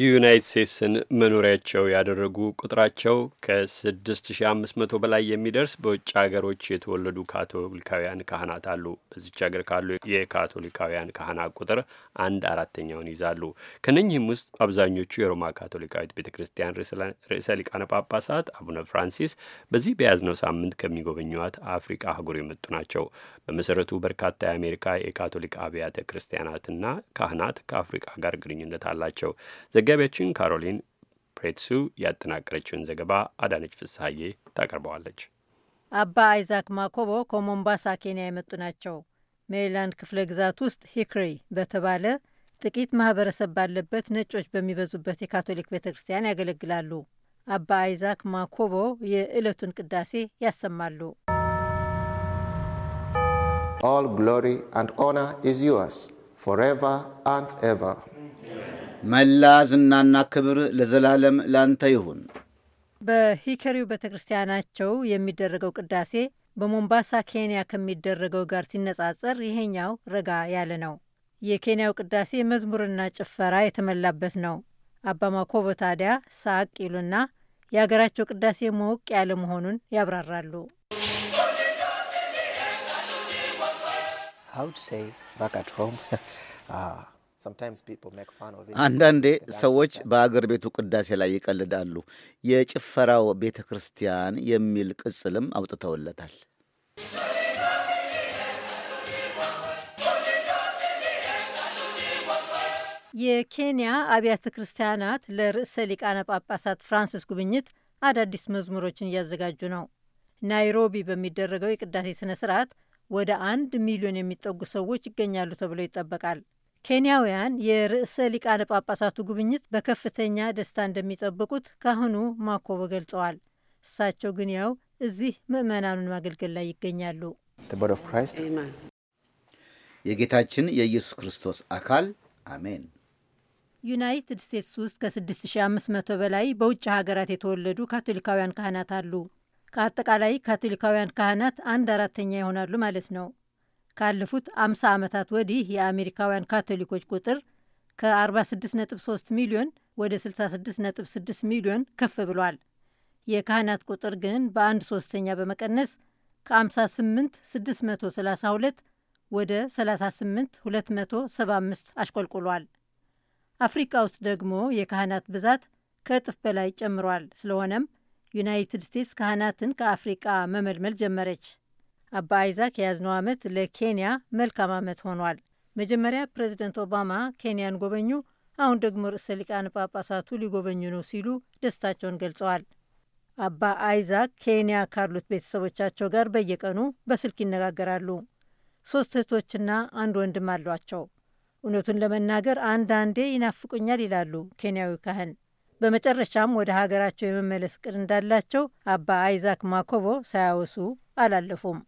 የዩናይት ስቴትስን መኖሪያቸው ያደረጉ ቁጥራቸው ከ6500 በላይ የሚደርስ በውጭ ሀገሮች የተወለዱ ካቶሊካውያን ካህናት አሉ። በዚች ሀገር ካሉ የካቶሊካውያን ካህናት ቁጥር አንድ አራተኛውን ይዛሉ። ከነኚህም ውስጥ አብዛኞቹ የሮማ ካቶሊካዊት ቤተ ክርስቲያን ርዕሰ ሊቃነ ጳጳሳት አቡነ ፍራንሲስ በዚህ በያዝነው ሳምንት ከሚጎበኟት አፍሪቃ አህጉር የመጡ ናቸው። በመሰረቱ በርካታ የአሜሪካ የካቶሊክ አብያተ ክርስቲያናትና ካህናት ከአፍሪቃ ጋር ግንኙነት አላቸው። ዘጋቢያችን ካሮሊን ፕሬትሱ ያጠናቀረችውን ዘገባ አዳነች ፍስሐዬ ታቀርበዋለች። አባ አይዛክ ማኮቦ ከሞምባሳ ኬንያ የመጡ ናቸው። ሜሪላንድ ክፍለ ግዛት ውስጥ ሂክሪ በተባለ ጥቂት ማህበረሰብ ባለበት ነጮች በሚበዙበት የካቶሊክ ቤተ ክርስቲያን ያገለግላሉ። አባ አይዛክ ማኮቦ የዕለቱን ቅዳሴ ያሰማሉ። ኦል ግሎሪ አንድ ኦና ኢዝ ዩርስ ፎር ኤቨር አንድ ኤቨር መላ ዝናና ክብር ለዘላለም ላንተ ይሁን። በሂከሪው ቤተ ክርስቲያናቸው የሚደረገው ቅዳሴ በሞምባሳ ኬንያ ከሚደረገው ጋር ሲነጻጸር ይሄኛው ረጋ ያለ ነው። የኬንያው ቅዳሴ መዝሙርና ጭፈራ የተመላበት ነው። አባ ማኮቦ ታዲያ ሳቅ ይሉና የአገራቸው ቅዳሴ ሞቅ ያለ መሆኑን ያብራራሉ። አንዳንዴ ሰዎች በአገር ቤቱ ቅዳሴ ላይ ይቀልዳሉ። የጭፈራው ቤተ ክርስቲያን የሚል ቅጽልም አውጥተውለታል። የኬንያ አብያተ ክርስቲያናት ለርዕሰ ሊቃነ ጳጳሳት ፍራንሲስ ጉብኝት አዳዲስ መዝሙሮችን እያዘጋጁ ነው። ናይሮቢ በሚደረገው የቅዳሴ ስነ ስርዓት ወደ አንድ ሚሊዮን የሚጠጉ ሰዎች ይገኛሉ ተብሎ ይጠበቃል። ኬንያውያን የርዕሰ ሊቃነ ጳጳሳቱ ጉብኝት በከፍተኛ ደስታ እንደሚጠብቁት ካህኑ ማኮቦ ገልጸዋል። እሳቸው ግን ያው እዚህ ምዕመናኑን ማገልገል ላይ ይገኛሉ። የጌታችን የኢየሱስ ክርስቶስ አካል አሜን። ዩናይትድ ስቴትስ ውስጥ ከ6500 በላይ በውጭ ሀገራት የተወለዱ ካቶሊካውያን ካህናት አሉ። ከአጠቃላይ ካቶሊካውያን ካህናት አንድ አራተኛ ይሆናሉ ማለት ነው። ካለፉት 50 ዓመታት ወዲህ የአሜሪካውያን ካቶሊኮች ቁጥር ከ46.3 ሚሊዮን ወደ 66.6 ሚሊዮን ከፍ ብሏል። የካህናት ቁጥር ግን በአንድ ሶስተኛ በመቀነስ ከ 58 632 ወደ 38 275 አሽቆልቁሏል። አፍሪካ ውስጥ ደግሞ የካህናት ብዛት ከእጥፍ በላይ ጨምሯል። ስለሆነም ዩናይትድ ስቴትስ ካህናትን ከአፍሪቃ መመልመል ጀመረች። አባ አይዛክ የያዝነው ዓመት ለኬንያ መልካም ዓመት ሆኗል። መጀመሪያ ፕሬዚደንት ኦባማ ኬንያን ጎበኙ፣ አሁን ደግሞ ርዕሰ ሊቃነ ጳጳሳቱ ሊጎበኙ ነው ሲሉ ደስታቸውን ገልጸዋል። አባ አይዛክ ኬንያ ካሉት ቤተሰቦቻቸው ጋር በየቀኑ በስልክ ይነጋገራሉ። ሶስት እህቶችና አንድ ወንድም አሏቸው። እውነቱን ለመናገር አንዳንዴ ይናፍቁኛል ይላሉ ኬንያዊ ካህን። በመጨረሻም ወደ ሀገራቸው የመመለስ እቅድ እንዳላቸው አባ አይዛክ ማኮቦ ሳያወሱ አላለፉም።